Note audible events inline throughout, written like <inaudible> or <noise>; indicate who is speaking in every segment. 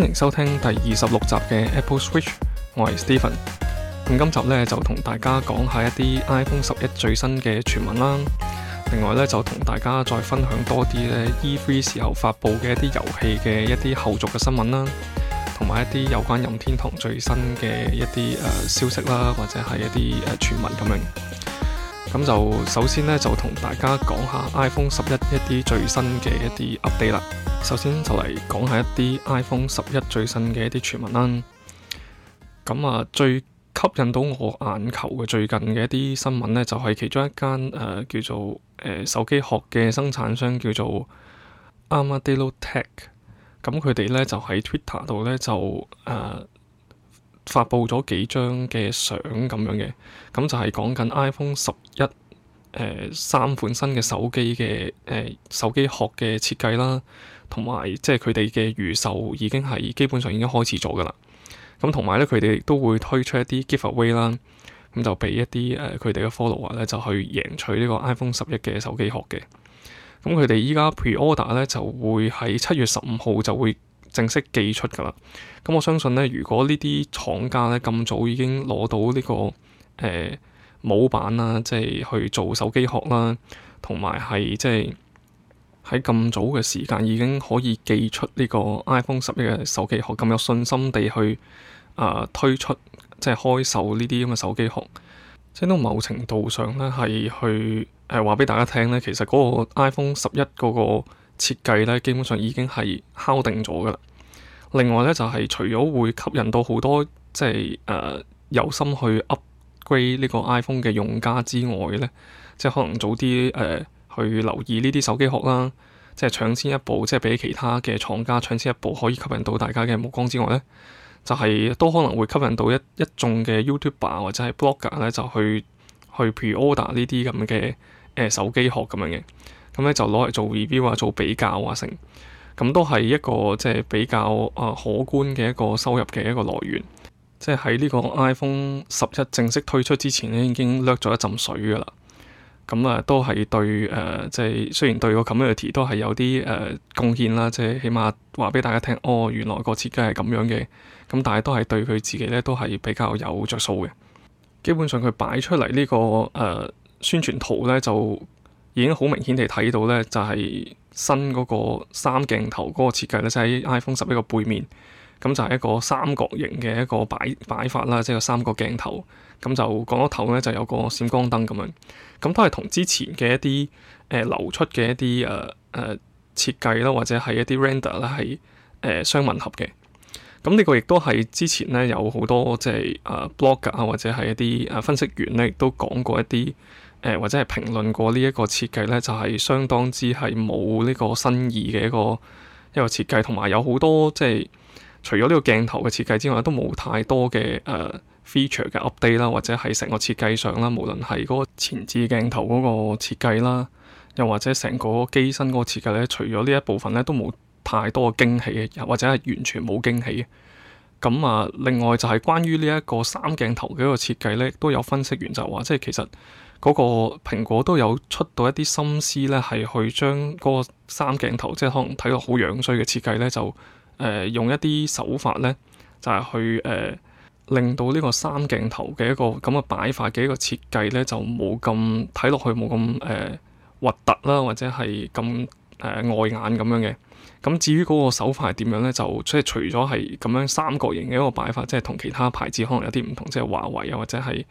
Speaker 1: 歡迎收聽第二十六集嘅 Apple Switch，我係 Steven。咁今集呢，就同大家講一下講下一啲 iPhone 十一最新嘅傳聞啦。另外呢，就同大家再分享多啲呢 E3 時候發佈嘅一啲遊戲嘅一啲後續嘅新聞啦，同埋一啲有關任天堂最新嘅一啲誒、uh, 消息啦，或者係一啲誒、uh, 傳聞咁樣。咁就首先呢，就同大家講下 iPhone 十一一啲最新嘅一啲 update 啦。首先就嚟講一下一啲 iPhone 十一最新嘅一啲傳聞啦。咁啊，最吸引到我眼球嘅最近嘅一啲新聞呢，就係、是、其中一間誒、呃、叫做誒、呃、手機殼嘅生產商叫做 Armadillo Tech。咁佢哋呢，就喺 Twitter 度呢，就誒、呃、發布咗幾張嘅相咁樣嘅。咁就係講緊 iPhone 十一、呃、誒三款新嘅手機嘅誒、呃、手機殼嘅設計啦。同埋，即係佢哋嘅預售已經係基本上已經開始咗噶啦。咁同埋咧，佢哋亦都會推出一啲 giveaway 啦，咁就俾一啲誒佢、呃、哋嘅 follower 咧就去贏取呢個 iPhone 十一嘅手機殼嘅。咁佢哋依家 pre-order 咧就會喺七月十五號就會正式寄出噶啦。咁我相信咧，如果呢啲廠家咧咁早已經攞到呢、呢個誒、呃、模板啦，即係去做手機殼啦，同埋係即係。喺咁早嘅時間已經可以寄出呢個 iPhone 十一嘅手機殼，咁有信心地去啊、呃、推出即係開售呢啲咁嘅手機殼，即係都某程度上咧係去誒話俾大家聽咧，其實嗰個 iPhone 十一嗰個設計咧，基本上已經係敲定咗噶啦。另外咧就係、係、除咗會吸引到好多即係誒、呃、有心去 upgrade 呢個 iPhone 嘅用家之外咧，即係可能早啲誒。呃去留意呢啲手機殼啦，即係搶先一步，即係俾其他嘅廠家搶先一步，可以吸引到大家嘅目光之外呢就係、是、都可能會吸引到一一眾嘅 YouTuber 或者係 Blogger 呢，就去去 pre-order 呢啲咁嘅誒、呃、手機殼咁樣嘅，咁呢就攞嚟做 review 啊，做比較啊，成咁都係一個即係比較啊、呃、可觀嘅一個收入嘅一個來源，即係喺呢個 iPhone 十一正式推出之前呢已經掠咗一浸水噶啦。咁啊、嗯，都係對誒，即、呃、係雖然對個 community 都係有啲誒、呃、貢獻啦，即係起碼話俾大家聽，哦，原來個設計係咁樣嘅。咁、嗯、但係都係對佢自己咧，都係比較有着數嘅。基本上佢擺出嚟呢、這個誒、呃、宣傳圖咧，就已經好明顯地睇到咧，就係、是、新嗰個三鏡頭嗰個設計咧，就喺、是、iPhone 11個背面。咁就係一個三角形嘅一個擺擺法啦，即係三個鏡頭。咁就講一頭咧，就有個閃光燈咁樣。咁都係同之前嘅一啲誒、呃、流出嘅一啲誒誒設計啦，或者係一啲 render 啦，係誒相吻合嘅。咁呢個亦都係之前咧有好多即係啊 blogger 啊，或者係一啲啊分析員咧亦都講過一啲誒、呃，或者係評論過呢一個設計咧，就係相當之係冇呢個新意嘅一個一個設計，同埋有好多即係。除咗呢個鏡頭嘅設計之外，都冇太多嘅誒、uh, feature 嘅 update 啦，或者喺成個設計上啦，無論係嗰個前置鏡頭嗰個設計啦，又或者成個機身嗰個設計咧，除咗呢一部分咧，都冇太多嘅驚喜，或者係完全冇驚喜。咁啊，另外就係關於呢一個三鏡頭嘅一個設計咧，都有分析員就話，即係其實嗰個蘋果都有出到一啲心思咧，係去將嗰個三鏡頭即係可能睇落好樣衰嘅設計咧就。誒、呃、用一啲手法咧，就係、是、去誒、呃、令到呢個三鏡頭嘅一個咁嘅擺法嘅一個設計咧，就冇咁睇落去冇咁誒核突啦，或者係咁誒礙眼咁樣嘅。咁、呃呃呃呃呃呃、至於嗰個手法係點樣咧，就即係除咗係咁樣三角形嘅一個擺法，即係同其他牌子可能有啲唔同，即係華為啊，或者係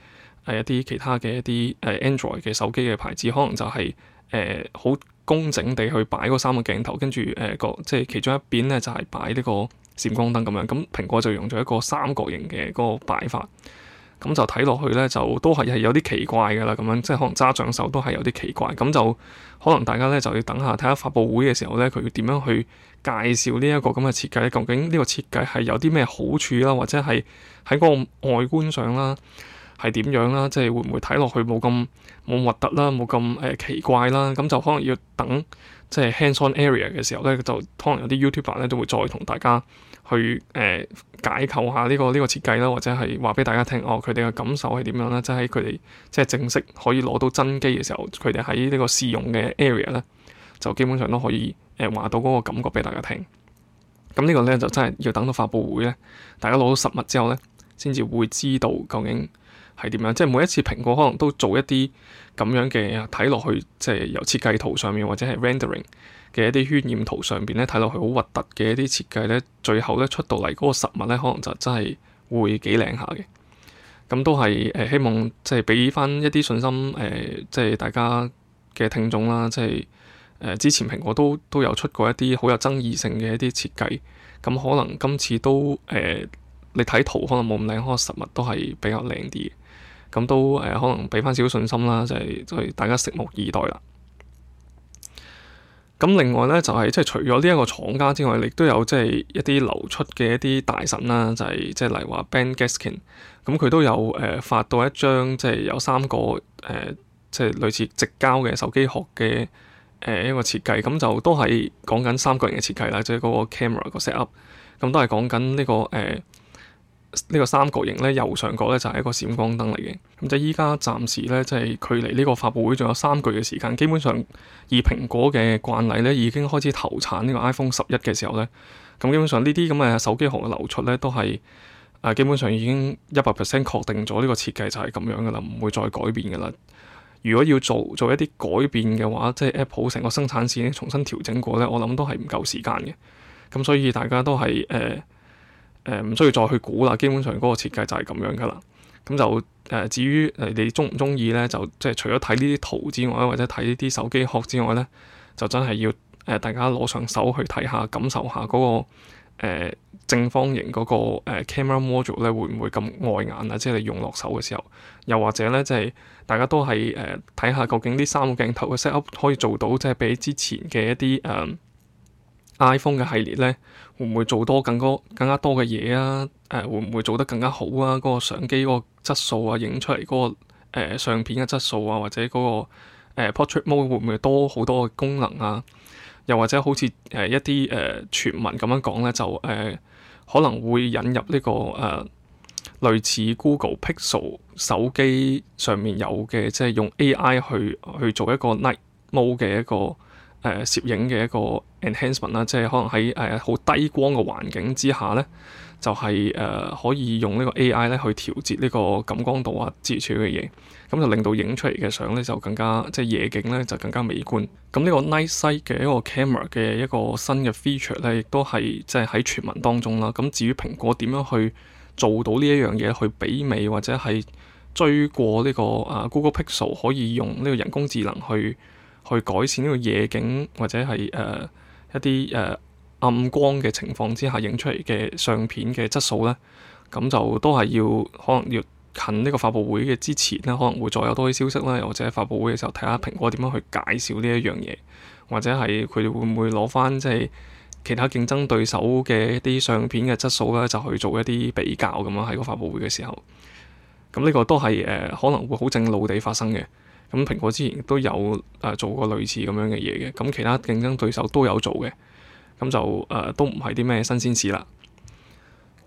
Speaker 1: 係一啲其他嘅一啲誒 Android 嘅手機嘅牌子，可能就係誒好。呃工整地去擺嗰三個鏡頭，跟住誒個即係其中一邊咧，就係、是、擺呢個閃光燈咁樣。咁蘋果就用咗一個三角形嘅嗰個擺法，咁就睇落去咧，就都係係有啲奇怪噶啦。咁樣即係可能揸掌手都係有啲奇怪。咁就可能大家咧就要等下睇下發布會嘅時候咧，佢要點樣去介紹呢一個咁嘅設計，究竟呢個設計係有啲咩好處啦，或者係喺嗰個外觀上啦，係點樣啦，即係會唔會睇落去冇咁冇核突啦，冇咁誒奇怪啦，咁就可能要等即係 hands-on area 嘅時候咧，就可能有啲 YouTuber 咧都會再同大家去誒、呃、解構下呢個呢個設計啦，或者係話俾大家聽哦，佢哋嘅感受係點樣啦，即係佢哋即係正式可以攞到真機嘅時候，佢哋喺呢個試用嘅 area 咧，就基本上都可以誒話到嗰個感覺俾大家聽。咁呢個咧就真係要等到發布會咧，大家攞到實物之後咧，先至會知道究竟。係點樣？即係每一次蘋果可能都做一啲咁樣嘅睇落去，即係由設計圖上面或者係 rendering 嘅一啲渲染圖上邊咧睇落去好核突嘅一啲設計咧，最後咧出到嚟嗰個實物咧，可能就真係會幾靚下嘅。咁都係誒、呃，希望即係俾翻一啲信心誒、呃，即係大家嘅聽眾啦，即係誒、呃、之前蘋果都都有出過一啲好有爭議性嘅一啲設計，咁可能今次都誒、呃、你睇圖可能冇咁靚，可能實物都係比較靚啲。咁都誒、呃，可能俾翻少少信心啦，就係都係大家拭目以待啦。咁另外咧，就係、是、即係除咗呢一個廠家之外，亦都有即係一啲流出嘅一啲大神啦，就係、是、即係例如話 Ben Gaskin，咁佢都有誒、呃、發到一張即係有三個誒、呃，即係類似直交嘅手機殼嘅誒一個設計，咁就都係講緊三角形嘅設計啦，即係嗰個 camera 個 set up，咁都係講緊、這、呢個誒。呃呢個三角形呢，右上角呢就係、是、一個閃光燈嚟嘅，咁即係依家暫時呢，即、就、係、是、距離呢個發布會仲有三個月嘅時間，基本上以蘋果嘅慣例呢，已經開始投產呢個 iPhone 十一嘅時候呢。咁基本上呢啲咁嘅手機殼嘅流出呢，都係、呃、基本上已經一百 percent 確定咗呢個設計就係咁樣噶啦，唔會再改變噶啦。如果要做做一啲改變嘅話，即係 Apple 成個生產線重新調整過呢，我諗都係唔夠時間嘅。咁所以大家都係誒。呃誒唔、呃、需要再去估啦，基本上嗰個設計就係咁樣㗎啦。咁就誒、呃，至於誒你中唔中意咧，就即係除咗睇呢啲圖之外，或者睇呢啲手機殼之外咧，就真係要誒、呃、大家攞上手去睇下，感受下嗰、那個、呃、正方形嗰、那個、呃、camera module 咧，會唔會咁礙眼啊？即係你用落手嘅時候，又或者咧，即、就、係、是、大家都係誒睇下究竟呢三個鏡頭嘅 set up 可以做到，即係比之前嘅一啲誒。呃 iPhone 嘅系列咧，會唔會做多更多更加多嘅嘢啊？誒，會唔會做得更加好啊？嗰個相機嗰個質素啊，影出嚟嗰個誒相片嘅質素啊，或者嗰個誒 Portrait Mode 會唔會多好多嘅功能啊？又或者好似誒一啲誒傳聞咁樣講咧，就誒可能會引入呢個誒類似 Google Pixel 手機上面有嘅，即係用 AI 去去做一個 Night Mode 嘅一個。誒攝影嘅一個 enhancement 啦，即係可能喺誒好低光嘅環境之下咧，就係、是、誒可以用呢個 AI 咧去調節呢個感光度啊、焦距嘅嘢，咁就令到影出嚟嘅相咧就更加即係夜景咧就更加美觀。咁呢個 Night Sight 嘅一個 camera 嘅一個新嘅 feature 咧，亦都係即係喺傳聞當中啦。咁至於蘋果點樣去做到呢一樣嘢，去媲美或者係追過呢個啊 Google Pixel 可以用呢個人工智能去去改善呢個夜景或者係誒、uh, 一啲誒、uh, 暗光嘅情況之下影出嚟嘅相片嘅質素咧，咁就都係要可能要近呢個發佈會嘅之前咧，可能會再有多啲消息啦，又或者發佈會嘅時候睇下蘋果點樣去介紹呢一樣嘢，或者係佢哋會唔會攞翻即係其他競爭對手嘅一啲相片嘅質素咧，就去做一啲比較咁樣喺個發佈會嘅時候，咁呢個都係誒、uh, 可能會好正路地發生嘅。咁蘋果之前都有誒做過類似咁樣嘅嘢嘅，咁其他競爭對手都有做嘅，咁就誒、呃、都唔係啲咩新鮮事啦。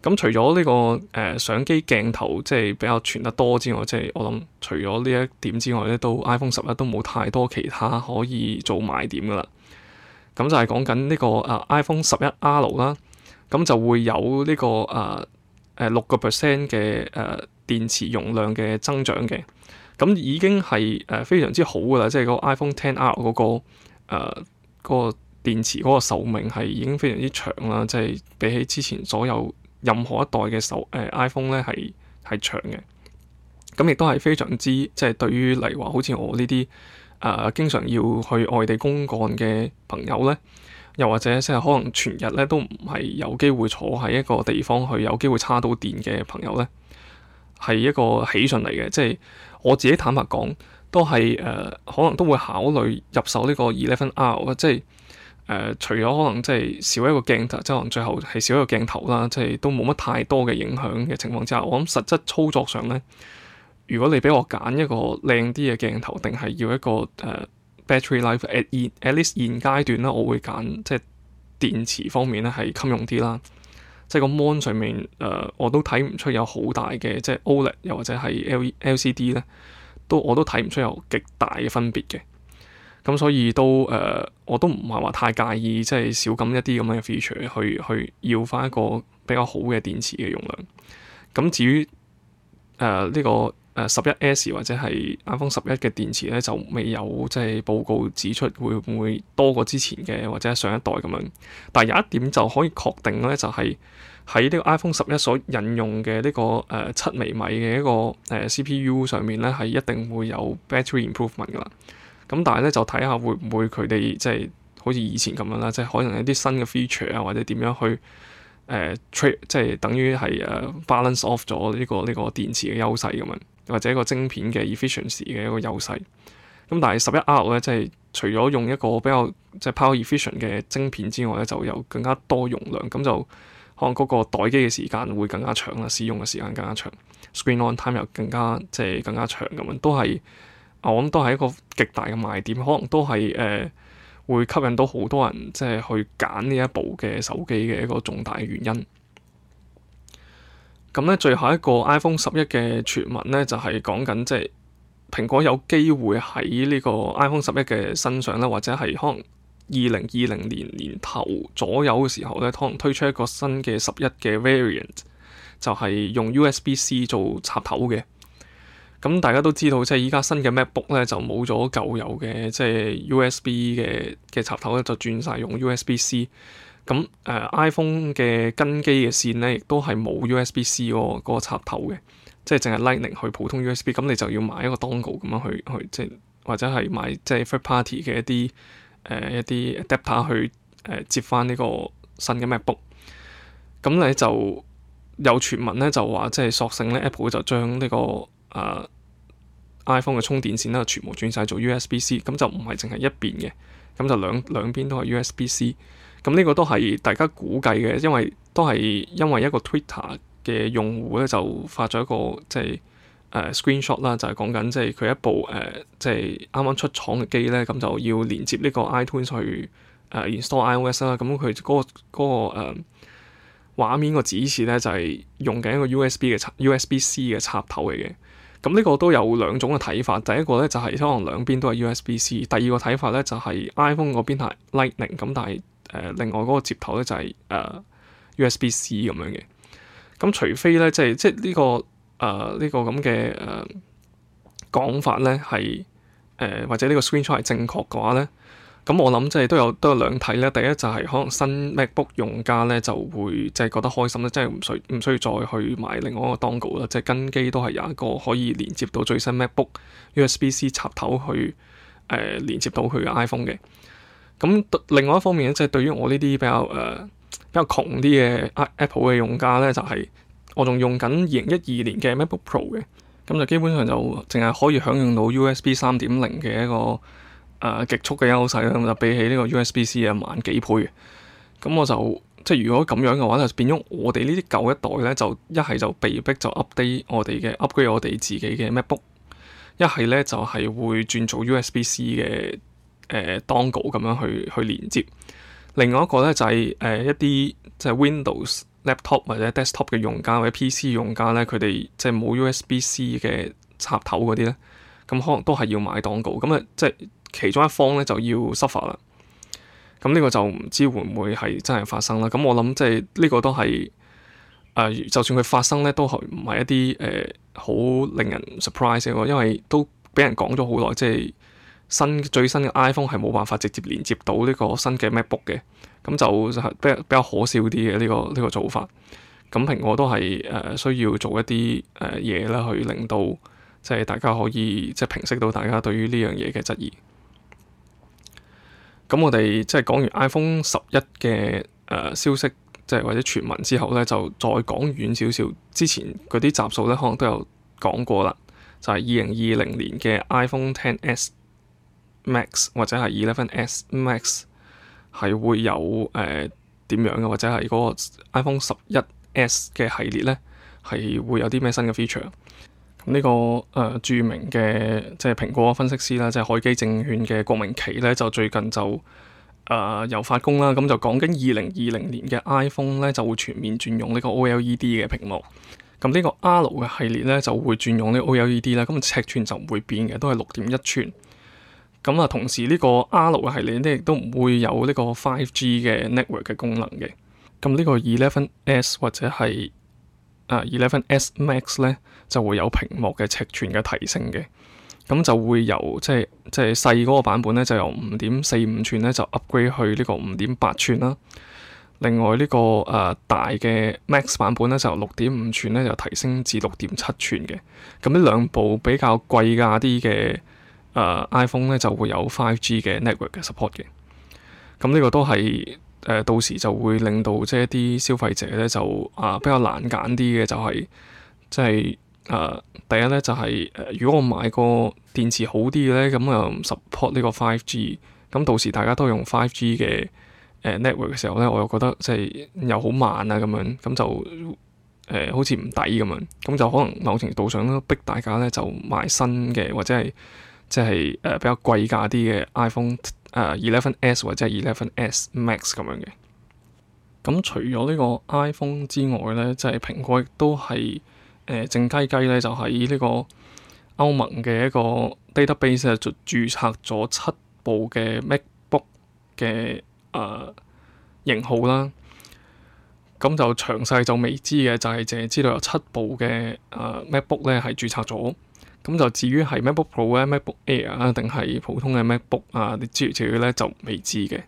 Speaker 1: 咁除咗呢、這個誒、呃、相機鏡頭即係、就是、比較傳得多之外，即、就、係、是、我諗除咗呢一點之外咧，都 iPhone 十一都冇太多其他可以做賣點噶啦。咁就係講緊、這、呢個誒、呃、iPhone 十一 R 啦，咁就會有呢、這個誒誒六個 percent 嘅誒電池容量嘅增長嘅。咁已經係誒非常之好噶啦，即係嗰 iPhone XR 嗰個誒嗰、那個呃那個、電池嗰個壽命係已經非常之長啦，即、就、係、是、比起之前所有任何一代嘅手誒、呃、iPhone 咧係係長嘅。咁亦都係非常之即係、就是、對於嚟話好似我呢啲誒經常要去外地公幹嘅朋友咧，又或者即係可能全日咧都唔係有機會坐喺一個地方去有機會叉到電嘅朋友咧。係一個喜訊嚟嘅，即係我自己坦白講，都係誒、呃、可能都會考慮入手呢個 Eleven R，即係誒、呃、除咗可能即係少一個鏡頭，即係可能最後係少一個鏡頭啦，即係都冇乜太多嘅影響嘅情況之下，我諗實質操作上咧，如果你俾我揀一個靚啲嘅鏡頭，定係要一個誒、呃、battery life at in, at least 現階段咧，我會揀即係電池方面咧係襟用啲啦。即係個 mon 上面，誒、呃、我都睇唔出有好大嘅，即係 OLED 又或者係 LCD 咧，都我都睇唔出有極大嘅分別嘅。咁所以都誒、呃，我都唔係話太介意，即係少咁一啲咁嘅 feature 去去要返一個比較好嘅電池嘅容量。咁至於誒呢、呃呢個。十一 S, S 或者係 iPhone 十一嘅電池咧，就未有即係、就是、報告指出會唔會多過之前嘅或者上一代咁樣。但係有一點就可以確定咧，就係喺呢個 iPhone 十一所引用嘅呢、這個誒七微米嘅一個誒、呃、C P U 上面咧，係一定會有 battery improvement 噶啦。咁但係咧就睇下會唔會佢哋即係好似以前咁樣啦，即、就、係、是、可能一啲新嘅 feature 啊，或者點樣去誒 trade 即係等於係誒 balance off 咗呢、這個呢、這個電池嘅優勢咁樣。或者一個晶片嘅 efficiency 嘅一個優勢，咁但係十一 R 咧，即係除咗用一個比較即係 power efficient 嘅晶片之外咧，就有更加多容量，咁就可能嗰個待機嘅時間會更加長啦，使用嘅時間更加長，screen on time 又更加即係更加長咁樣，都係我諗都係一個極大嘅賣點，可能都係誒會吸引到好多人即係去揀呢一部嘅手機嘅一個重大原因。咁咧，最後一個 iPhone 十一嘅傳聞咧，就係講緊即係蘋果有機會喺呢個 iPhone 十一嘅身上咧，或者係可能二零二零年年頭左右嘅時候咧，可能推出一個新嘅十一嘅 variant，就係用 USB C 做插頭嘅。咁大家都知道，即係依家新嘅 MacBook 咧就冇咗舊有嘅即係 USB 嘅嘅插頭咧，就轉晒用 USB C。咁誒、uh, iPhone 嘅跟機嘅線咧，亦都係冇 USB C 嗰、那個插頭嘅，即係淨係 Lightning 去普通 USB。咁你就要買一個 dongle 咁樣去去，即係或者係買即係 third party 嘅一啲誒、呃、一啲 adapter 去誒、呃、接翻呢個新嘅 MacBook。咁咧就有傳聞咧就話，即係索性咧 Apple 就將呢、這個誒、呃、iPhone 嘅充電線咧全部轉晒做 USB C。咁就唔係淨係一邊嘅，咁就兩兩邊都係 USB C。咁呢個都係大家估計嘅，因為都係因為一個 Twitter 嘅用戶咧，就發咗一個即係誒 screenshot 啦，呃、就係講緊即係佢一部誒、呃、即係啱啱出廠嘅機咧，咁就要連接呢個 iTunes 去誒、呃、install iOS 啦、啊。咁佢嗰個嗰、嗰個畫、嗰個呃、面個指示咧，就係、是、用緊一個 US USB 嘅插 USB C 嘅插頭嚟嘅。咁呢個都有兩種嘅睇法，第一個咧就係、是、可能兩邊都係 USB C，第二個睇法咧就係、是、iPhone 嗰邊係 Lightning 咁，但係。誒，另外嗰個接頭咧就係誒 USB C 咁樣嘅，咁除非咧，即係即係呢個誒呢個咁嘅誒講法咧係誒或者呢個 screenshot 係正確嘅話咧，咁我諗即係都有都有兩睇咧。第一就係可能新 MacBook 用家咧就會即係覺得開心咧，即係唔需唔需要再去買另外一個 dongle 啦，即係跟機都係有一個可以連接到最新 MacBook USB C 插頭去誒、呃、連接到佢嘅 iPhone 嘅。咁另外一方面咧，即係對於我呢啲比較誒比較窮啲嘅 Apple 嘅用家咧，就係我仲用緊二零一二年嘅 MacBook Pro 嘅，咁就基本上就淨係可以享用到 USB 三點零嘅一個誒極速嘅優勢啦。咁就比起呢個 USB C 啊慢幾倍。咁我就即係如果咁樣嘅話咧，就變咗我哋呢啲舊一代咧，就一係就被逼就 update 我哋嘅 upgrade 我哋自己嘅 MacBook，一係咧就係會轉做 USB C 嘅。誒、呃、當告咁樣去去連接，另外一個咧就係、是、誒、呃、一啲即係、就是、Windows laptop 或者 desktop 嘅用家或者 PC 用家咧，佢哋即係冇 USB-C 嘅插頭嗰啲咧，咁可能都係要買當告，咁啊即係其中一方咧就要 suffer 啦。咁呢個就唔知會唔會係真係發生啦？咁我諗即係呢個都係誒、呃，就算佢發生咧，都唔係一啲誒好令人 surprise 嘅，因為都俾人講咗好耐，即、就、係、是。新最新嘅 iPhone 係冇辦法直接連接到呢個新嘅 MacBook 嘅，咁就比較比較可笑啲嘅呢個呢個做法。咁蘋果都係誒、呃、需要做一啲誒嘢啦，去令到即係大家可以即係平息到大家對於呢樣嘢嘅質疑。咁我哋即係講完 iPhone 十一嘅誒、呃、消息，即係或者傳聞之後咧，就再講遠少少。之前嗰啲集數咧，可能都有講過啦，就係二零二零年嘅 iPhone Ten S。Max 或者係 Eleven S Max 係會有誒點、呃、樣嘅，或者係嗰個 iPhone 十一 S 嘅系列咧，係會有啲咩新嘅 feature？咁呢、這個誒、呃、著名嘅即係蘋果分析師啦，即係海基證券嘅郭明錤咧，就最近就誒、呃、又發工啦，咁就講緊二零二零年嘅 iPhone 咧，就會全面轉用呢個 OLED 嘅屏幕。咁呢個 R 嘅系列咧，就會轉用呢個 OLED 啦，咁尺寸就唔會變嘅，都係六點一寸。咁啊，同時呢個 R 六嘅系列咧，亦都唔會有呢個 5G 嘅 network 嘅功能嘅。咁呢個 11S 或者係啊 11S Max 咧，就會有屏幕嘅尺寸嘅提升嘅。咁就會由即係即係細嗰個版本咧，就由五點四五寸咧，就 upgrade 去呢個五點八寸啦。另外呢個誒、呃、大嘅 Max 版本咧，就由六點五寸咧，就提升至六點七寸嘅。咁呢兩部比較貴價啲嘅。誒、uh, iPhone 咧就會有 Five G 嘅 network 嘅 support 嘅，咁呢個都係誒、呃、到時就會令到即係一啲消費者咧就啊、呃、比較難揀啲嘅，就係即係誒第一咧就係、是呃、如果我買個電池好啲嘅咧，咁又 support 呢個 Five G，咁到時大家都用 Five G 嘅誒、呃、network 嘅時候咧，我又覺得即係又好慢啊，咁樣咁就誒好似唔抵咁樣，咁就，、呃、就可能某程度上都逼大家咧就買新嘅或者係。即係誒、呃、比較貴價啲嘅 iPhone 誒、呃、11s 或者係 11s Max 咁樣嘅。咁除咗呢個 iPhone 之外咧，即係蘋果亦都係誒靜雞雞咧，就喺、是、呢個歐盟嘅一個 Database 就註冊咗七部嘅 MacBook 嘅誒、呃、型號啦。咁就詳細就未知嘅，就係淨係知道有七部嘅誒、呃、MacBook 咧係註冊咗。咁就至於係 MacBook Pro 咧、MacBook Air Mac Book，啊，定係普通嘅 MacBook 啊，啲資料咧就未知嘅。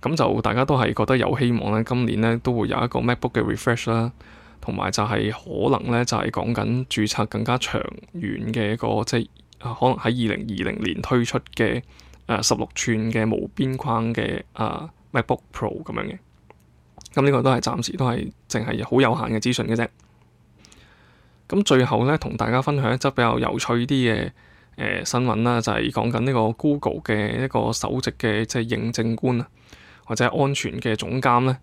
Speaker 1: 咁就大家都係覺得有希望咧，今年咧都會有一個 MacBook 嘅 refresh 啦、啊，同埋就係可能咧就係講緊註冊更加長遠嘅一個，即係、啊、可能喺二零二零年推出嘅誒十六吋嘅無邊框嘅啊 MacBook Pro 咁樣嘅。咁呢個都係暫時都係淨係好有限嘅資訊嘅啫。咁最後咧，同大家分享一則比較有趣啲嘅誒新聞啦，就係講緊呢個 Google 嘅一個首席嘅即係認證官啊，或者安全嘅總監咧，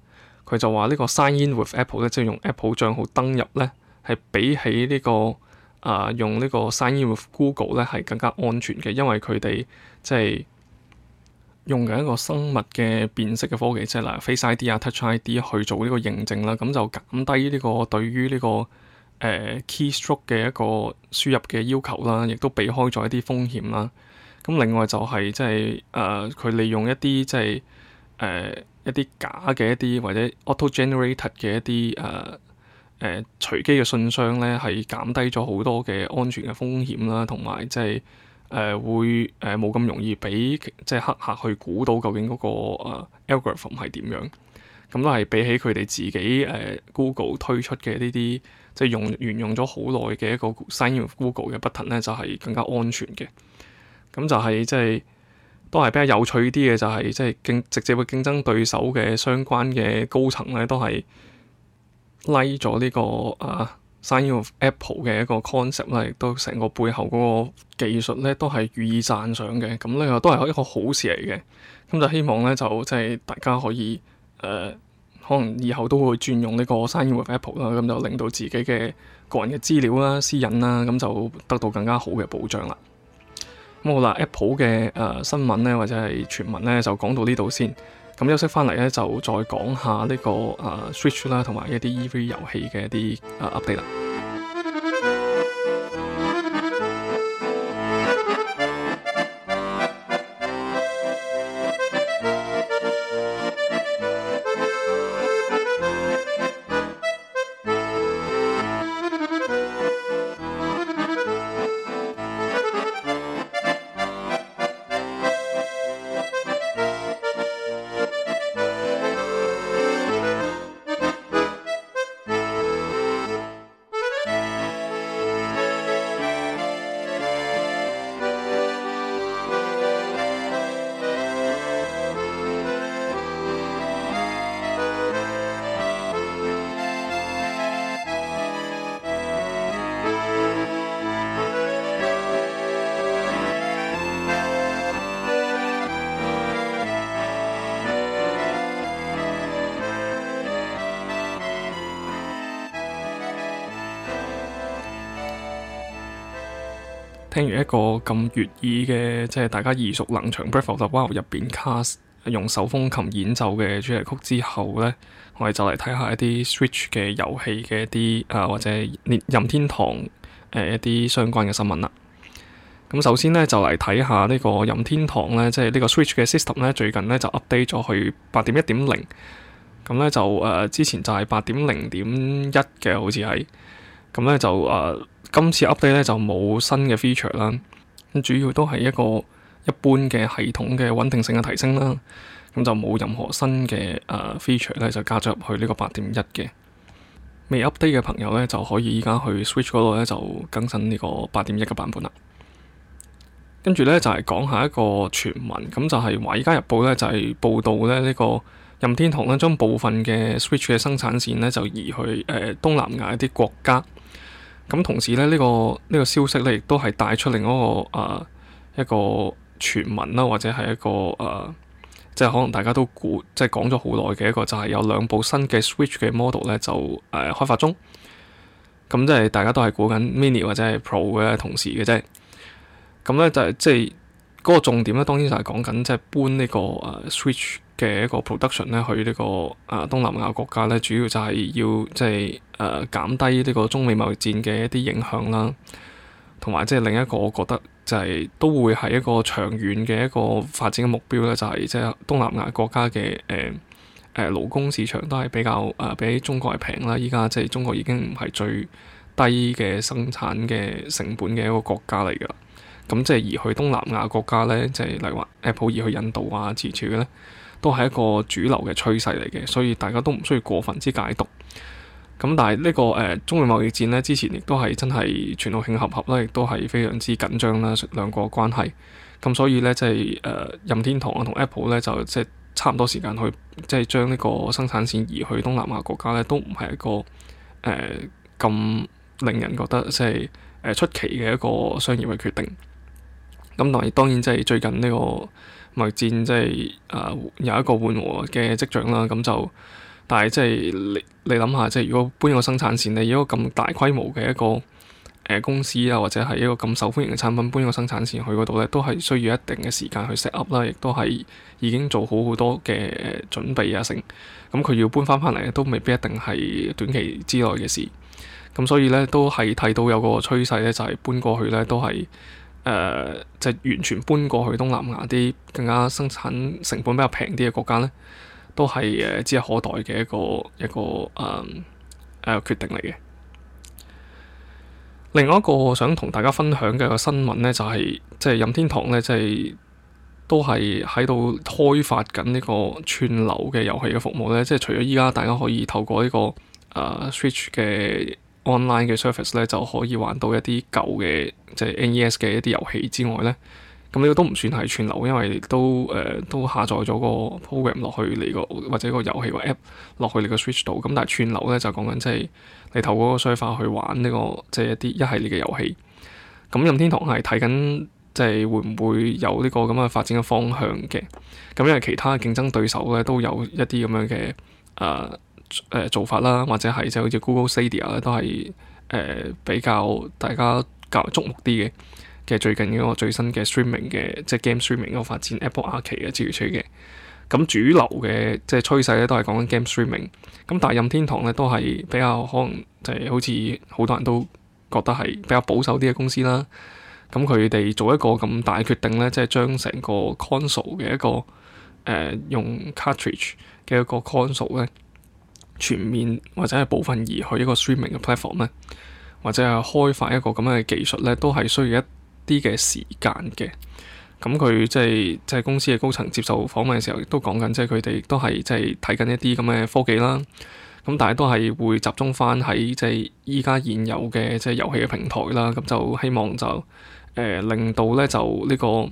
Speaker 1: 佢就話呢個 sign in with Apple 咧，即係用 Apple 帳號登入咧，係比起呢個啊用呢個 sign in with Google 咧，係更加安全嘅，因為佢哋即係用緊一個生物嘅辨識嘅科技，即係嗱 face ID 啊 touch ID 去做呢個認證啦，咁就減低呢個對於呢個，誒、uh, keystroke 嘅一個輸入嘅要求啦，亦都避開咗一啲風險啦。咁另外就係即係誒佢利用一啲即係誒一啲假嘅一啲或者 auto generated 嘅一啲誒誒隨機嘅信箱咧，係減低咗好多嘅安全嘅風險啦，同埋即係誒會誒冇咁容易俾即係黑客去估到究竟嗰個、那個、uh, algorithm 係點樣。咁都係比起佢哋自己誒、uh, Google 推出嘅呢啲。即係用沿用咗好耐嘅一個 Sign of Google 嘅 button 咧，就係、是、更加安全嘅。咁就係即係都係比較有趣啲嘅，就係、是、即係競直接嘅競爭對手嘅相關嘅高層咧，都係 like 咗呢、這個啊、uh, Sign of Apple 嘅一個 concept 啦，亦都成個背後嗰個技術咧都係予以讚賞嘅。咁呢個都係一個好事嚟嘅。咁就希望咧就即係、就是、大家可以誒。Uh, 可能以後都會轉用呢個 Sign with Apple 啦，咁就令到自己嘅個人嘅資料啦、私隱啦，咁就得到更加好嘅保障啦。咁好啦，Apple 嘅誒、呃、新聞呢，或者係傳聞呢，就講到呢度先。咁休息翻嚟呢，就再講下呢、這個誒、呃、Switch 啦，同埋一啲 E3 遊戲嘅一啲、呃、update 啦。聽完一個咁悅耳嘅，即係大家耳熟能詳《Breath of the Wild》入邊 cast 用手風琴演奏嘅主題曲之後呢，我哋就嚟睇下一啲 Switch 嘅遊戲嘅一啲、啊、或者《任天堂》誒、呃、一啲相關嘅新聞啦。咁首先呢，就嚟睇下呢個《任天堂》呢，即係呢個 Switch 嘅 system 呢，最近呢就 update 咗去八點一點零。咁呢，就誒、呃，之前就係八點零點一嘅，好似係。咁呢，就、呃、誒。今次 update 咧就冇新嘅 feature 啦，咁主要都係一個一般嘅系統嘅穩定性嘅提升啦，咁就冇任何新嘅誒、uh, feature 咧就加咗入去呢個八點一嘅。未 update 嘅朋友咧就可以依家去 Switch 嗰度咧就更新呢個八點一嘅版本啦。跟住咧就係、是、講下一個傳聞，咁就係華爾街日報咧就係、是、報道咧呢、這個任天堂咧將部分嘅 Switch 嘅生產線咧就移去誒、呃、東南亞一啲國家。咁同時咧，呢、這個呢、這個消息咧，亦都係帶出另一個啊、呃、一個傳聞啦，或者係一個啊，即、呃、係、就是、可能大家都估，即、就、係、是、講咗好耐嘅一個，就係、是、有兩部新嘅 Switch 嘅 model 咧，就誒、呃、開發中。咁即係大家都係估緊 Mini 或者係 Pro 嘅同時嘅啫。咁咧就係即係嗰個重點咧，當然就係講緊即係搬呢、這個誒 Switch。呃 Sw 嘅一個 production 咧、這個，去呢個啊東南亞國家咧，主要就係要即係誒減低呢個中美貿易戰嘅一啲影響啦，同埋即係另一個，我覺得就係、是、都會係一個長遠嘅一個發展嘅目標咧，就係即係東南亞國家嘅誒誒勞工市場都係比較誒、呃、比中國係平啦。依家即係中國已經唔係最低嘅生產嘅成本嘅一個國家嚟㗎啦。咁即係而去東南亞國家咧，即、就、係、是、例如 Apple 而去印度啊、自主嘅咧。都係一個主流嘅趨勢嚟嘅，所以大家都唔需要過分之解讀。咁但係呢、這個誒、呃、中美貿易戰咧，之前亦都係真係全澳慶合合啦，亦都係非常之緊張啦，兩個關係。咁所以呢，即係誒任天堂同、啊、Apple 呢，就即係、就是、差唔多時間去即係將呢個生產線移去東南亞國家呢，都唔係一個誒咁、呃、令人覺得即係誒出奇嘅一個商業嘅決定。咁當然當然即係最近呢、這個。貿易戰即係有一個緩和嘅跡象啦，咁就但係即係你你諗下，即係如果搬個生產線咧，如果咁大規模嘅一個誒公司啊，或者係一個咁受歡迎嘅產品搬個生產線去嗰度呢，都係需要一定嘅時間去 set up 啦，亦都係已經做好好多嘅準備啊，成咁佢要搬翻翻嚟都未必一定係短期之內嘅事。咁所以呢，都係睇到有個趨勢呢，就係搬過去呢，都係。誒，即係、呃就是、完全搬過去東南亞啲更加生產成本比較平啲嘅國家咧，都係誒指日可待嘅一個一個誒誒、嗯、決定嚟嘅。另外一個我想同大家分享嘅新聞咧，就係即係任天堂咧，即、就、係、是、都係喺度開發緊呢個串流嘅遊戲嘅服務咧。即、就、係、是、除咗依家大家可以透過呢、這個誒、呃、Switch 嘅 online 嘅 service 咧，就可以玩到一啲舊嘅即係、就是、NES 嘅一啲遊戲之外咧，咁呢個都唔算係串流，因為都誒、呃、都下載咗個 program 落去你個或者個遊戲個 app 落去你個 Switch 度。咁但係串流咧就講緊即係你透過個 server 去玩呢、這個即係、就是、一啲一系列嘅遊戲。咁任天堂係睇緊即係會唔會有呢個咁嘅發展嘅方向嘅。咁因為其他競爭對手咧都有一啲咁樣嘅誒。呃誒、呃，做法啦，或者係就好似 Google Stadia 咧，都係誒、呃、比較大家較矚目啲嘅嘅最近嘅一個最新嘅 streaming 嘅即係 game streaming 嗰個發展 Apple Arcade 嘅之餘出嘅，咁主流嘅即係趨勢咧都係講緊 game streaming，咁但係任天堂咧都係比較可能即係好似好多人都覺得係比較保守啲嘅公司啦，咁佢哋做一個咁大嘅決定咧，即係將成個 console 嘅一個誒、呃、用 cartridge 嘅一個 console 咧。全面或者係部分而去一個 streaming 嘅 platform 咧，或者係開發一個咁嘅技術咧，都係需要一啲嘅時間嘅。咁佢即係即係公司嘅高層接受訪問嘅時候，亦都講緊，即係佢哋都係即係睇緊一啲咁嘅科技啦。咁但係都係會集中翻喺即係依家現有嘅即係遊戲嘅平台啦。咁就希望就誒、呃、令到咧就呢、呢個。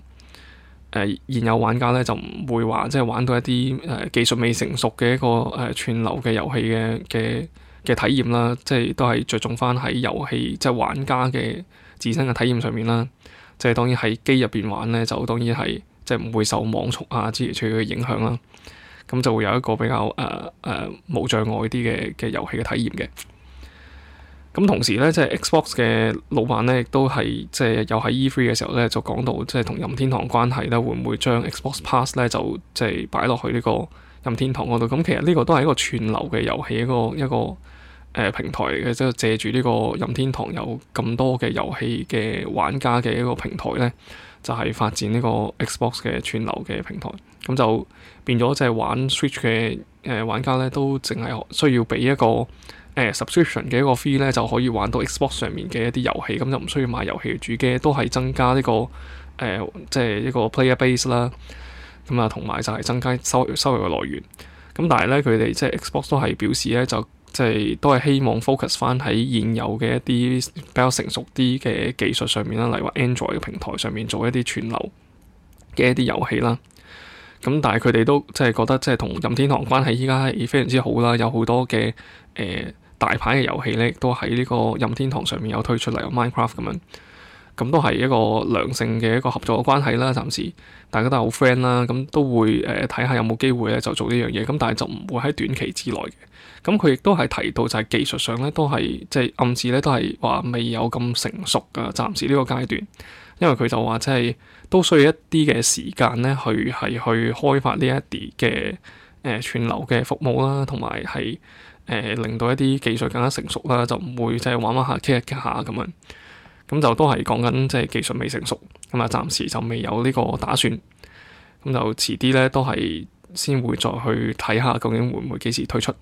Speaker 1: 誒、呃、現有玩家咧就唔會話即係玩到一啲誒、呃、技術未成熟嘅一個誒、呃、串流嘅遊戲嘅嘅嘅體驗啦，即係都係着重翻喺遊戲即係玩家嘅自身嘅體驗上面啦。即係當然喺機入邊玩咧，就當然係即係唔會受網速啊之類嘅影響啦。咁就會有一個比較誒誒、呃呃、冇障礙啲嘅嘅遊戲嘅體驗嘅。咁同時咧，即係 Xbox 嘅老闆咧，亦都係即係又喺 E3 嘅時候咧，就講到即係同任天堂關係咧，會唔會將 Xbox Pass 咧就即係擺落去呢個任天堂嗰度？咁其實呢個都係一個串流嘅遊戲一個一個誒平台嘅，即係借住呢個任天堂有咁多嘅遊戲嘅玩家嘅一個平台咧，就係發展呢個 Xbox 嘅串流嘅平台。咁就變咗即係玩 Switch 嘅誒玩家咧，都淨係需要俾一個。誒、uh, subscription 嘅一個 fee 咧，就可以玩到 Xbox 上面嘅一啲遊戲，咁就唔需要買遊戲主機，都係增加呢、這個誒、呃，即係一個 player base 啦。咁啊，同埋就係增加收收入嘅來源。咁但係咧，佢哋即係 Xbox 都係表示咧，就即係都係希望 focus 翻喺現有嘅一啲比較成熟啲嘅技術上面啦，例如話 Android 嘅平台上面做一啲串流嘅一啲遊戲啦。咁但係佢哋都即係覺得即係同任天堂關係依家係非常之好啦，有好多嘅誒。呃大牌嘅遊戲咧，亦都喺呢個任天堂上面有推出嚟，Minecraft 咁樣，咁都係一個良性嘅一個合作嘅關係啦。暫時大家都係好 friend 啦，咁都會誒睇下有冇機會咧就做呢樣嘢。咁但係就唔會喺短期之內嘅。咁佢亦都係提到就係技術上咧，都係即係暗示咧，都係話未有咁成熟㗎，暫時呢個階段。因為佢就話即係都需要一啲嘅時間咧，去係去開發呢一啲嘅誒串流嘅服務啦，同埋係。誒、呃、令到一啲技術更加成熟啦， <noise> 就唔會即係玩玩下 check 下 check 下咁樣，咁就都係講緊即係技術未成熟，咁啊暫時就未有呢個打算，咁就遲啲咧都係先會再去睇下究竟會唔會幾時推出，咁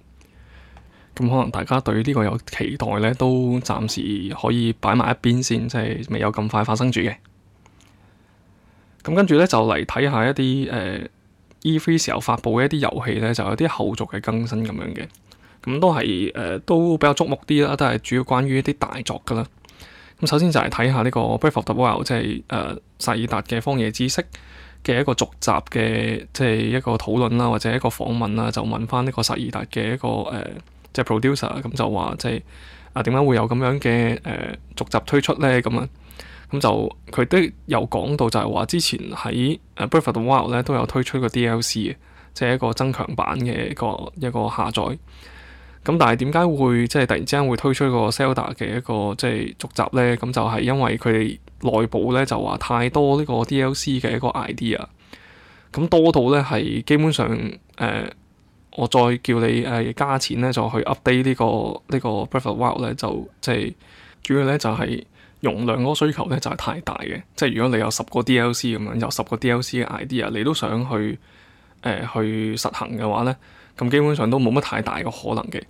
Speaker 1: 可能大家對呢個有期待咧，都暫時可以擺埋一邊先，即係未有咁快發生住嘅。咁跟住咧就嚟睇下一啲誒、呃、E3 時候發布嘅一啲遊戲咧，就有啲後續嘅更新咁樣嘅。咁都係誒、呃，都比較觸目啲啦。都係主要關於一啲大作噶啦。咁首先就係睇下呢、這個《Breath of the Wild》即係誒薩爾達嘅荒野之息嘅一個續集嘅，即係一個討論啦，或者一個訪問啦，就問翻呢個薩爾達嘅一個誒、呃、即係 producer，咁就話即係啊點解會有咁樣嘅誒、呃、續集推出咧？咁啊咁就佢都有講到就係話之前喺《Breath of the Wild》咧都有推出個 DLC 嘅，即係一個增強版嘅一個一個下載。咁但係點解會即係突然之間會推出個 Zelda 嘅一個，一個即係續集呢？咁就係因為佢內部呢就話太多呢個 DLC 嘅一個 idea，咁多到呢係基本上、呃、我再叫你、呃、加錢呢，就去 update、這個這個、呢個呢個 Breath of the Wild 咧，就即係主要呢就係、是、容量嗰個需求呢就係、是、太大嘅，即係如果你有十個 DLC 咁樣，有十個 DLC 嘅 idea 你都想去、呃、去實行嘅話呢。咁基本上都冇乜太大嘅可能嘅。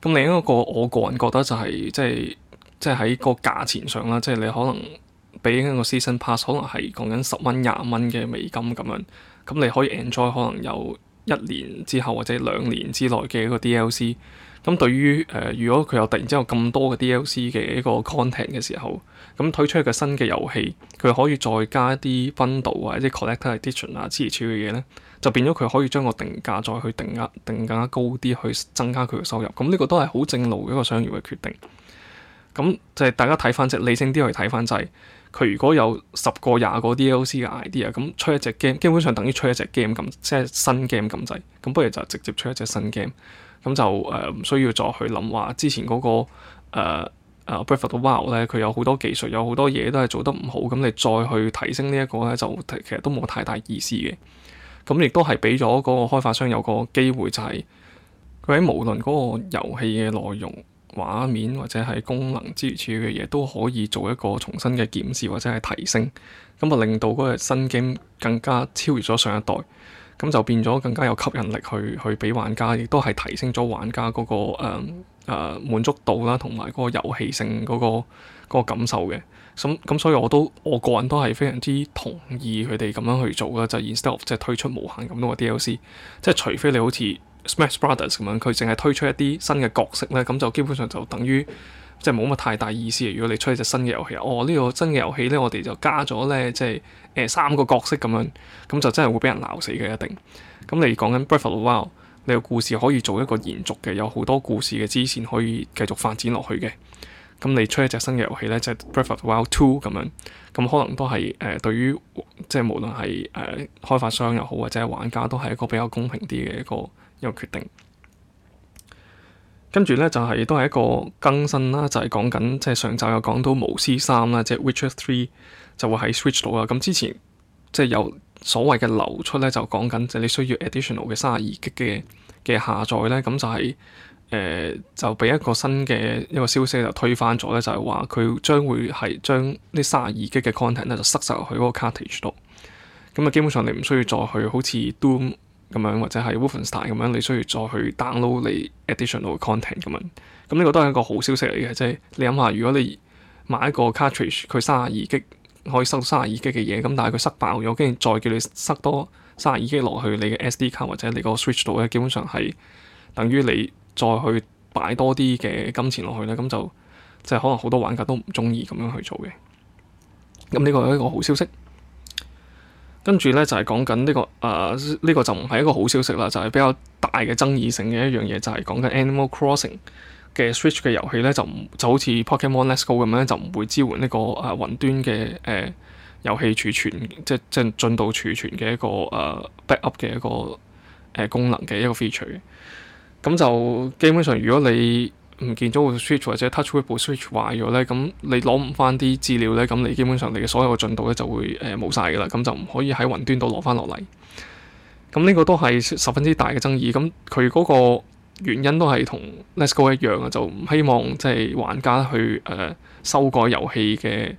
Speaker 1: 咁另一個，我個人覺得就係即係即係喺個價錢上啦，即係你可能畀一個 season pass，可能係講緊十蚊、廿蚊嘅美金咁樣。咁你可以 enjoy 可能有一年之後或者兩年之內嘅一個 DLC。咁對於誒、呃，如果佢有突然之間咁多嘅 DLC 嘅一個 content 嘅時候，咁推出一個新嘅遊戲，佢可以再加一啲 Bundle，啊，或者 Collector Edition 啊，諸如此類嘅嘢咧，就變咗佢可以將個定價再去定額定價高啲，去增加佢嘅收入。咁呢個都係好正路一個商業嘅決定。咁就係大家睇翻即係理性啲去睇翻就係。佢如果有十個廿個 DLC 嘅 idea 咁出一隻 game 基本上等於出一隻 game 咁，即係新 game 咁滯。咁不如就直接出一隻新 game，咁就誒唔、uh, 需要再去諗話之前嗰、那個誒誒 Breath of the Wild 咧，佢、uh, uh, 有好多技術，有好多嘢都係做得唔好。咁你再去提升呢一個咧，就其實都冇太大意思嘅。咁亦都係俾咗嗰個開發商有個機會、就是，就係佢喺無論嗰個遊戲嘅內容。畫面或者係功能之餘，主要嘅嘢都可以做一個重新嘅檢視或者係提升，咁啊令到嗰個新 game 更加超越咗上一代，咁就變咗更加有吸引力去去畀玩家，亦都係提升咗玩家嗰、那個誒誒、嗯嗯嗯、滿足度啦，同埋嗰個遊戲性嗰、那個嗰、那個感受嘅。咁、嗯、咁所以我都我個人都係非常之同意佢哋咁樣去做啦，就是、instead of 即係推出無限咁多個 DLC，即係除非你好似，Smash Brothers 咁樣，佢淨係推出一啲新嘅角色呢，咁就基本上就等於即係冇乜太大意思。如果你出一隻新嘅遊戲，哦呢、呢個新嘅遊戲呢，我哋就加咗呢，即係誒、呃、三個角色咁樣，咁就真係會俾人鬧死嘅一定。咁你講緊 Breath of the Wild，你個故事可以做一個延續嘅，有好多故事嘅支線可以繼續發展落去嘅。咁你出一隻新嘅遊戲咧，就 Breath of the Wild 2咁樣，咁可能都係誒、呃、對於即係無論係誒、呃、開發商又好或者係玩家都係一個比較公平啲嘅一個。一個決定，跟住咧就係、是、都係一個更新啦，就係、是、講緊即係上集有講到巫師三啦，即係《Witcher Three》就會喺 Switch 度啦。咁、嗯、之前即係有所謂嘅流出咧，就講緊即你需要 additional 嘅三十二 G 嘅嘅下載咧，咁、嗯、就係、是、誒、呃、就俾一個新嘅一個消息就推翻咗咧，就係話佢將會係將呢三十二 G 嘅 content 咧就塞晒入去嗰個 cartridge 度。咁、嗯、啊，基本上你唔需要再去好似 Doom。咁樣或者係 Wolfenstein 咁樣，你需要再去 download 你 additional content 咁樣，咁呢個都係一個好消息嚟嘅，即係你諗下，如果你買一個 cartridge，佢三十二擊可以收三十二擊嘅嘢，咁但係佢塞爆咗，跟住再叫你塞多三十二擊落去你嘅 SD 卡或者你個 switch 度咧，基本上係等於你再去擺多啲嘅金錢落去咧，咁就即係可能好多玩家都唔中意咁樣去做嘅，咁呢個係一個好消息。跟住咧就係講緊呢個誒呢、呃這個就唔係一個好消息啦，就係、是、比較大嘅爭議性嘅一，、就是、一樣嘢，就係講緊 Animal Crossing 嘅 Switch 嘅遊戲咧就唔就好似 Pokémon Let's Go 咁樣就唔會支援呢、這個誒雲、呃、端嘅誒遊戲儲存即即進度儲存嘅一個誒、呃、backup 嘅一個誒、呃、功能嘅一個 feature。咁就基本上如果你唔見咗個 switch 或者 touch keyboard switch 壞咗呢。咁你攞唔翻啲資料呢？咁你基本上你嘅所有嘅進度呢就會誒冇晒嘅啦，咁、呃、就唔可以喺雲端度攞翻落嚟。咁呢個都係十分之大嘅爭議。咁佢嗰個原因都係同 Let’s Go 一樣啊，就唔希望即係、就是、玩家去誒、呃、修改遊戲嘅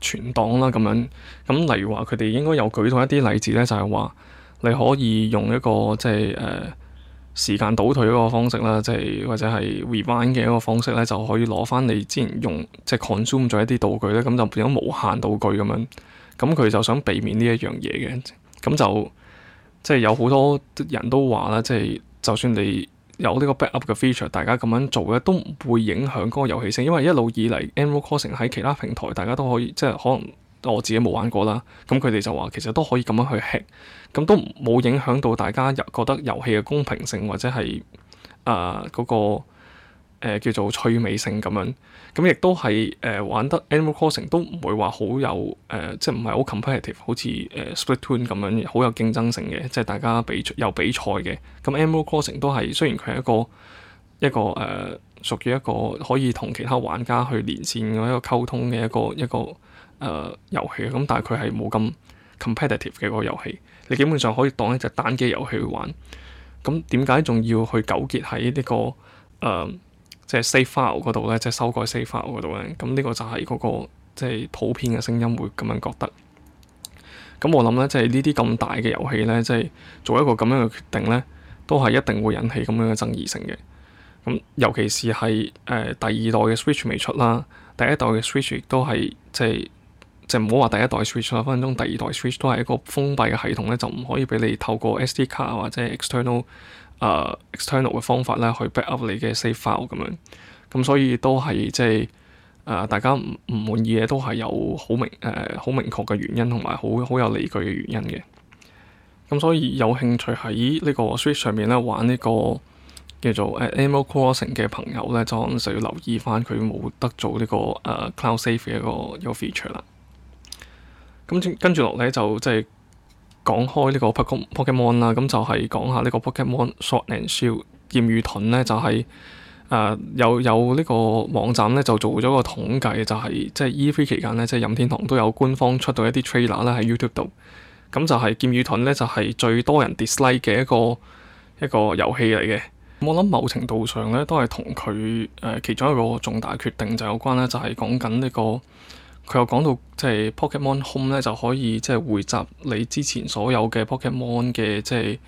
Speaker 1: 存檔啦咁樣。咁例如話佢哋應該有舉到一啲例子呢，就係、是、話你可以用一個即係誒。呃時間倒退嗰個方式啦，即係或者係 rewind 嘅一個方式咧，就可以攞翻你之前用即係、就是、consume 咗一啲道具咧，咁就變咗無限道具咁樣。咁佢就想避免呢一樣嘢嘅，咁就即係、就是、有好多人都話啦，即、就、係、是、就算你有呢個 backup 嘅 feature，大家咁樣做咧都唔會影響嗰個遊戲性，因為一路以嚟 Animal Crossing 喺其他平台大家都可以即係、就是、可能。我自己冇玩過啦，咁佢哋就話其實都可以咁樣去吃，咁都冇影響到大家入覺得遊戲嘅公平性或者係誒嗰個誒、呃、叫做趣味性咁樣，咁亦都係誒、呃、玩得 Animal Crossing 都唔會話好有誒、呃，即係唔係好 competitive，好似誒、呃、Splatoon 咁樣好有競爭性嘅，即係大家比有比賽嘅。咁 Animal Crossing 都係雖然佢係一個一個誒、呃、屬於一個可以同其他玩家去連線嘅一個溝通嘅一個一個。一個一個誒、呃、遊戲咁，但係佢係冇咁 competitive 嘅、那個遊戲，你基本上可以當一隻單機遊戲去玩。咁點解仲要去糾結喺、這個呃就是、呢個誒即係 save file 嗰度咧，即、就、係、是、修改 save file 嗰度咧？咁呢個就係嗰、那個即係、就是、普遍嘅聲音會咁樣覺得。咁我諗咧，即係呢啲咁大嘅遊戲咧，即、就、係、是、做一個咁樣嘅決定咧，都係一定會引起咁樣嘅爭議性嘅。咁尤其是係誒、呃、第二代嘅 Switch 未出啦，第一代嘅 Switch 亦都係即係。就是即係唔好話第一代 Switch 啦，分分鐘第二代 Switch 都係一個封閉嘅系統咧，就唔可以俾你透過 SD 卡或者 external、呃、external 誒 external 嘅方法咧去 backup 你嘅 save file 咁樣。咁所以都係即係誒、呃、大家唔唔滿意嘅都係有好明誒好、呃、明確嘅原因同埋好好有理據嘅原因嘅。咁所以有興趣喺呢個 Switch 上面咧玩呢、呢個叫做誒 Animal Crossing 嘅朋友咧，就可能就要留意返佢冇得做呢、呢個誒、呃、Cloud Save 嘅一個一個 feature 啦。咁跟住落咧就即係講開呢個 Pokemon 啦，咁就係講下呢個 Pokemon Sword and Shield 劍與盾咧，就係、是、誒、呃、有有呢個網站咧就做咗個統計，就係、是、即係、就是、E3 期間咧，即、就、係、是、任天堂都有官方出到一啲 trailer 咧喺 YouTube 度，咁就係劍與盾咧就係、是、最多人 dislike 嘅一個一個遊戲嚟嘅。我諗某程度上咧都係同佢誒其中一個重大決定就有關咧，就係講緊呢個。佢又講到即係 Pokémon Home 咧，就可以即係匯集你之前所有嘅 Pokémon 嘅即係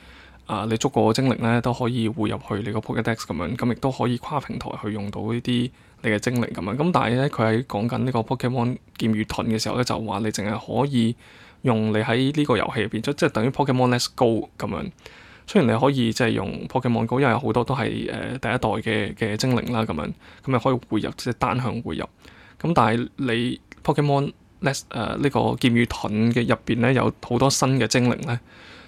Speaker 1: 啊，你捉過嘅精靈咧都可以匯入去你個 Pokédex 咁樣，咁亦都可以跨平台去用到呢啲你嘅精靈咁樣。咁但係咧，佢喺講緊呢個 Pokémon 劍與盾嘅時候咧，就話你淨係可以用你喺呢個遊戲入邊即係等於 Pokémon Let's Go 咁樣。雖然你可以即係用 Pokémon Go，因為有好多都係誒、呃、第一代嘅嘅精靈啦咁樣，咁你可以匯入即係、就是、單向匯入。咁但係你。Pokemon Let、uh，呢個劍與盾嘅入邊咧有好多新嘅精靈咧，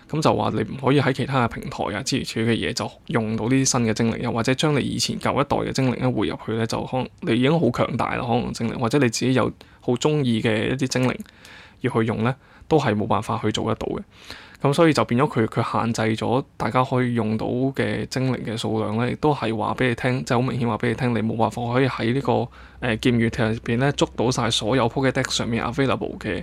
Speaker 1: 咁就話你唔可以喺其他嘅平台啊、之類嘅嘢就用到呢啲新嘅精靈，又或者將你以前舊一代嘅精靈一匯入去咧，就可能你已經好強大啦，可能精靈，或者你自己有好中意嘅一啲精靈要去用咧，都係冇辦法去做得到嘅。咁所以就變咗佢，佢限制咗大家可以用到嘅精靈嘅數量咧，亦都係話俾你聽，即係好明顯話俾你聽，你冇辦法可以喺呢個誒劍與盾入邊咧捉到晒所有 Pokédex 上面 available 嘅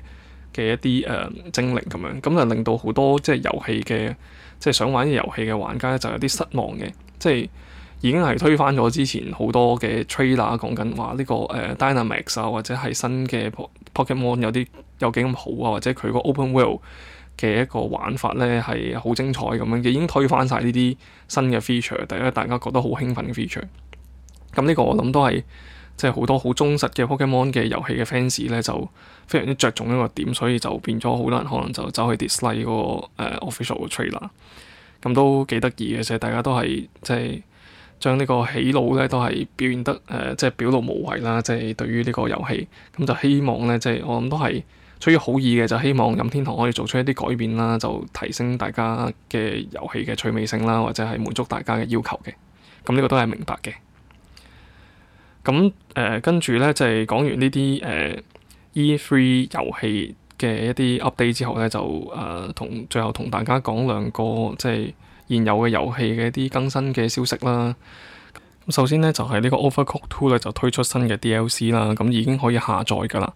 Speaker 1: 嘅一啲誒、嗯、精靈咁樣，咁就令到好多即係遊戲嘅即係想玩嘅遊戲嘅玩家就有啲失望嘅，即係已經係推翻咗之前好多嘅 trailer 講緊話呢個誒 Dynamax 啊或者係新嘅 Pokémon 有啲有幾咁好啊，或者佢個 Open World 嘅一個玩法咧係好精彩咁樣嘅，已經推翻晒呢啲新嘅 feature，第一，大家覺得好興奮嘅 feature。咁呢個我諗都係即係好多好忠實嘅 Pokemon 嘅遊戲嘅 fans 咧，就非常之着重一個點，所以就變咗好多人可能就走去 dislike、嗰個誒、uh, official trailer。咁都幾得意嘅，即係大家都係即係將呢個喜怒咧都係表現得誒即係表露無遺啦，即係對於呢個遊戲咁就希望咧即係我諗都係。出於好意嘅，就希望任天堂可以做出一啲改變啦，就提升大家嘅遊戲嘅趣味性啦，或者係滿足大家嘅要求嘅。咁呢個都係明白嘅。咁誒、呃，跟住咧就係、是、講完呢啲誒 E3 遊戲嘅一啲 update 之後咧，就誒同、呃、最後同大家講兩個即係、就是、現有嘅遊戲嘅一啲更新嘅消息啦。咁首先咧就係、是、呢個 Overcooked Two 咧就推出新嘅 DLC 啦，咁已經可以下載噶啦。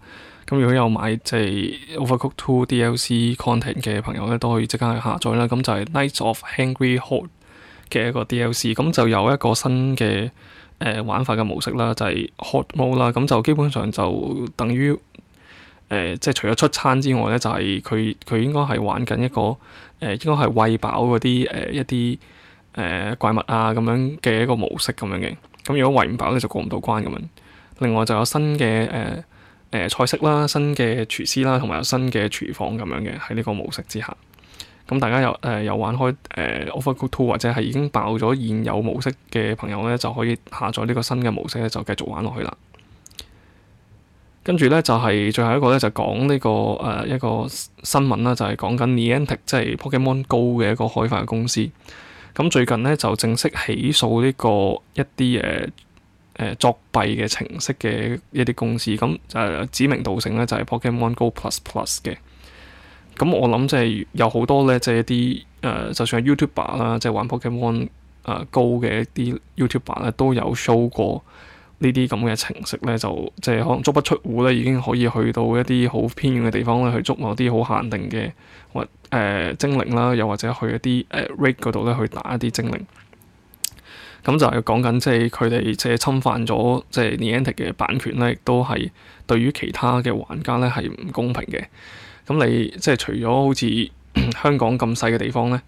Speaker 1: 咁如果有買即係 Overcooked Two DLC content 嘅朋友咧，都可以即刻去下載啦。咁就係 Night of Angry Horde 嘅一個 DLC，咁就有一個新嘅誒、呃、玩法嘅模式啦，就係、是、Horde Mode 啦。咁就基本上就等於誒、呃，即係除咗出餐之外咧，就係佢佢應該係玩緊一個誒、呃，應該係餵飽嗰啲誒一啲誒、呃、怪物啊咁樣嘅一個模式咁樣嘅。咁如果餵唔飽咧，就過唔到關咁樣。另外就有新嘅誒。呃誒、呃、菜式啦，新嘅廚師啦，同埋有新嘅廚房咁樣嘅，喺呢個模式之下，咁大家有誒有、呃、玩開誒、呃、Overcooked Two 或者係已經爆咗現有模式嘅朋友咧，就可以下載呢個新嘅模式咧，就繼續玩落去啦。跟住咧就係、是、最後一個咧，就講呢、這個誒、呃、一個新聞啦，就係、是、講緊 Niantic，即係 Pokemon Go 嘅一個開發公司。咁最近咧就正式起訴呢個一啲誒。呃作弊嘅程式嘅一啲公司，咁就、呃、指名道姓咧，就係、是、Pokemon Go Plus Plus 嘅。咁我諗即係有好多咧，即、就、係、是、一啲誒、呃，就算係 YouTuber 啦，即、就、係、是、玩 Pokemon、呃、Go 嘅一啲 YouTuber 咧，都有 show 過呢啲咁嘅程式咧，就即係、就是、可能足不出戶咧，已經可以去到一啲好偏遠嘅地方咧，去捉某啲好限定嘅、呃、精靈啦，又或者去一啲 raid 嗰度咧，去打一啲精靈。咁就係講緊，即係佢哋即係侵犯咗即係 Niantic 嘅版權咧，亦都係對於其他嘅玩家咧係唔公平嘅。咁你即係除咗好似香港咁細嘅地方咧，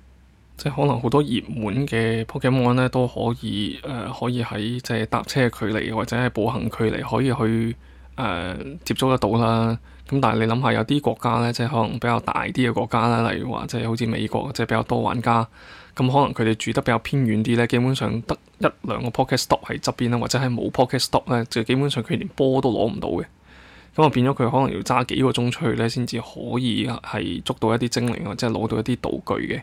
Speaker 1: 即係可能好多熱門嘅 Pokemon 咧都可以誒、呃，可以喺即係搭車距離或者係步行距離可以去誒、呃、接觸得到啦。咁但係你諗下，有啲國家咧，即係可能比較大啲嘅國家咧，例如話即係好似美國，即係比較多玩家。咁可能佢哋住得比較偏遠啲咧，基本上得一兩個 PokéStop 喺側邊啦，或者係冇 PokéStop 咧，就基本上佢連波都攞唔到嘅。咁啊變咗佢可能要揸幾個鐘出去咧，先至可以係捉到一啲精靈或者攞到一啲道具嘅。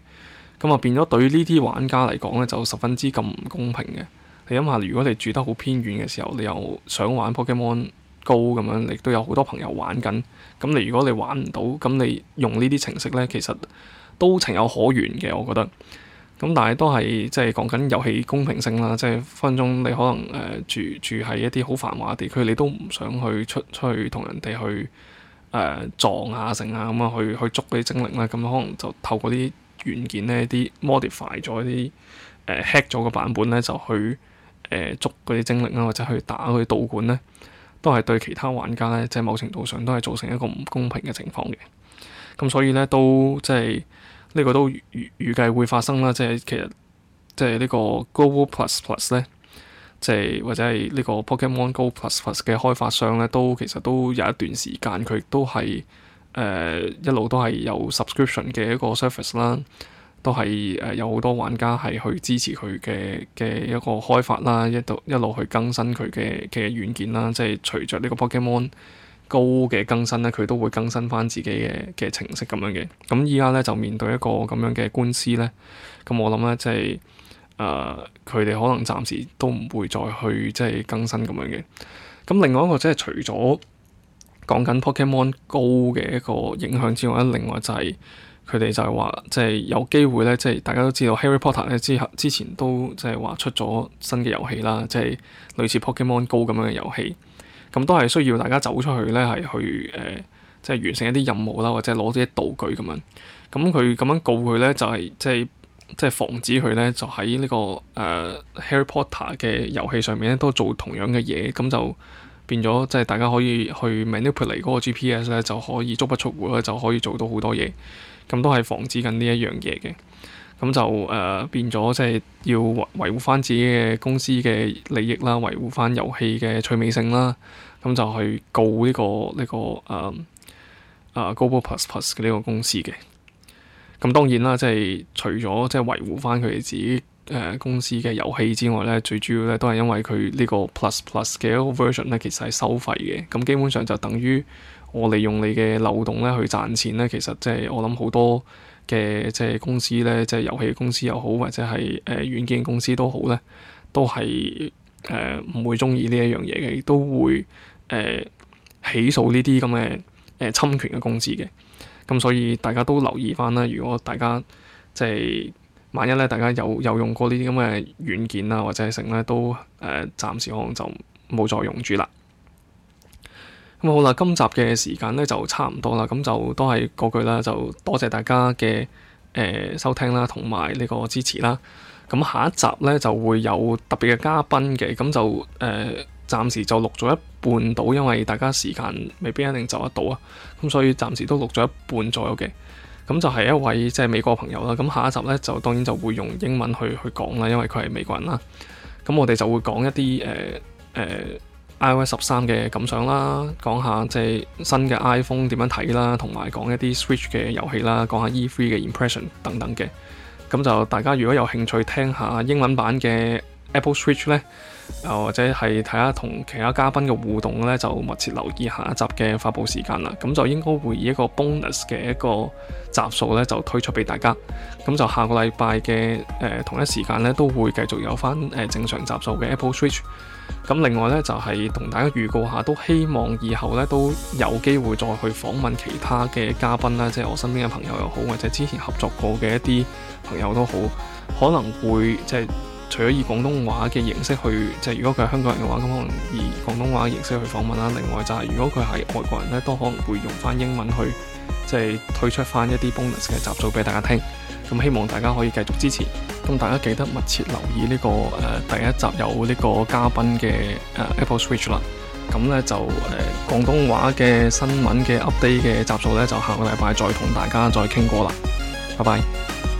Speaker 1: 咁啊變咗對於呢啲玩家嚟講咧，就十分之咁唔公平嘅。你諗下，如果你住得好偏遠嘅時候，你又想玩 Pokemon。高咁樣，亦都有好多朋友玩緊。咁你如果你玩唔到，咁你用呢啲程式呢，其實都情有可原嘅，我覺得。咁但係都係即係講緊遊戲公平性啦。即係分分鐘你可能誒、呃、住住喺一啲好繁華嘅地區，你都唔想去出出去同人哋去、呃、撞下、成下咁樣，去去捉嗰啲精靈啦。咁可能就透過啲軟件呢，啲 modify 咗啲誒、呃、hack 咗個版本呢，就去、呃、捉嗰啲精靈啦，或者去打嗰啲道館呢。都係對其他玩家咧，即係某程度上都係造成一個唔公平嘅情況嘅。咁所以咧，都即係呢、這個都預預計會發生啦。即係其實即係呢個 Go Plus Plus 咧，即係或者係呢個 Pokemon Go Plus Plus 嘅開發商咧，都其實都有一段時間佢都係誒、呃、一路都係有 subscription 嘅一個 service 啦。都係誒、呃、有好多玩家係去支持佢嘅嘅一個開發啦，一到一路去更新佢嘅嘅軟件啦，即係隨着呢個 Pokemon 高嘅更新咧，佢都會更新翻自己嘅嘅程式咁樣嘅。咁依家咧就面對一個咁樣嘅官司咧，咁我諗咧即係誒佢哋可能暫時都唔會再去即係更新咁樣嘅。咁另外一個即係除咗講緊 Pokemon 高嘅一個影響之外咧，另外就係、是。佢哋就係話，即係有機會咧，即係大家都知道《Harry Potter》咧，之之前都即係話出咗新嘅遊戲啦，即係類似 Pokemon Go 咁樣嘅遊戲。咁都係需要大家走出去咧，係去誒、呃，即係完成一啲任務啦，或者攞啲道具咁樣。咁佢咁樣告佢咧，就係、是、即係即係防止佢咧，就喺呢、這個誒、呃《Harry Potter》嘅遊戲上面咧，都做同樣嘅嘢，咁就變咗即係大家可以去 manipulate 嗰個 GPS 咧，就可以足不出戶咧，就可以做到好多嘢。咁都係防止緊呢一樣嘢嘅，咁就誒、uh, 變咗即係要維護翻自己嘅公司嘅利益啦，維護翻遊戲嘅趣味性啦，咁就去告呢、呢個呢、呢個誒誒 Go Plus Plus 嘅呢個公司嘅。咁當然啦，即係除咗即係維護翻佢哋自己。誒、呃、公司嘅遊戲之外咧，最主要咧都係因為佢呢個 Plus Plus 嘅一個 version 咧，其實係收費嘅。咁基本上就等於我利用你嘅漏洞咧去賺錢咧。其實即、就、係、是、我諗好多嘅即係公司咧，即、就、係、是、遊戲公司又好，或者係誒軟件公司都好咧，都係誒唔會中意呢一樣嘢嘅，亦都會誒、呃、起訴呢啲咁嘅誒侵權嘅公司嘅。咁所以大家都留意翻啦。如果大家即係，就是萬一咧，大家有有用過呢啲咁嘅軟件啊，或者成咧，都誒、呃、暫時可能就冇再用住啦。咁好啦，今集嘅時間咧就差唔多啦，咁就都係嗰句啦，就多謝，謝大家嘅誒、呃、收聽啦，同埋呢個支持啦。咁下一集咧就會有特別嘅嘉賓嘅，咁就誒、呃、暫時就錄咗一半到，因為大家時間未必一定就得到啊，咁所以暫時都錄咗一半左右嘅。咁就係一位即係、就是、美國朋友啦，咁下一集呢，就當然就會用英文去去講啦，因為佢係美國人啦。咁我哋就會講一啲誒、呃呃、iOS 十三嘅感想啦，講下即係新嘅 iPhone 點樣睇啦，同埋講一啲 Switch 嘅遊戲啦，講下 E3 嘅 impression 等等嘅。咁就大家如果有興趣聽下英文版嘅 Apple Switch 呢，啊，或者係睇下同其他嘉賓嘅互動呢，就密切留意下一集嘅發布時間啦。咁就應該會以一個 bonus 嘅一個集數呢就推出俾大家。咁就下個禮拜嘅誒同一時間呢，都會繼續有返誒正常集數嘅 Apple Switch。咁另外呢，就係、是、同大家預告下，都希望以後呢都有機會再去訪問其他嘅嘉賓啦，即係我身邊嘅朋友又好，或者之前合作過嘅一啲朋友都好，可能會即係。就是除咗以廣東話嘅形式去，即係如果佢係香港人嘅話，咁可能以廣東話嘅形式去訪問啦。另外就係如果佢係外國人咧，都可能會用翻英文去，即係推出翻一啲 bonus 嘅集數俾大家聽。咁希望大家可以繼續支持。咁大家記得密切留意呢個誒第一集有呢個嘉賓嘅誒 Apple Switch 啦。咁咧就誒廣東話嘅新聞嘅 update 嘅集數咧，就下個禮拜再同大家再傾過啦。拜拜。